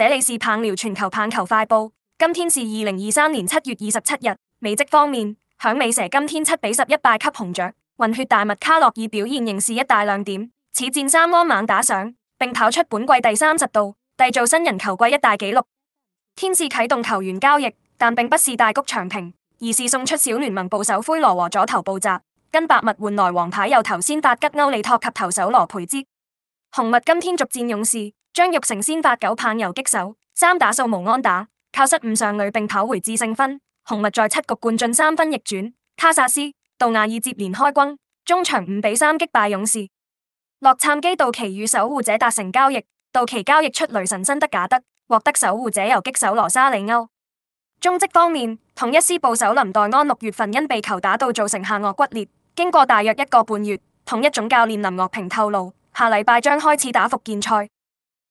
這裏是棒聊全球棒球快報，今天是二零二三年七月二十七日。美職方面，響尾蛇今天七比十一敗給紅雀，混血大物卡洛爾表現仍是一大亮點，此戰三安猛打賞，並跑出本季第三十度，締造新人球季一大紀錄。天使啟動球員交易，但並不是大谷翔平，而是送出小聯盟捕手灰羅和左投布扎，跟白襪換來王牌右投先發吉歐里托及投手羅培茲。紅襪今天續戰勇士。張玉成先發九棒游擊手三打數無安打，靠失誤上壘並跑回致勝分。紅襪在七局灌進三分逆轉。卡薩斯、杜瓦爾接連開轟，終場五比三擊敗勇士。洛杉磯道奇與守護者達成交易，道奇交易出雷神辛德賈德，獲得守護者游擊手羅沙里歐。中職方面，統一獅捕手林代安六月份因被球打到造成下顎骨裂，經過大約一個半月，統一總教練林岳平透露，下禮拜將開始打復健賽。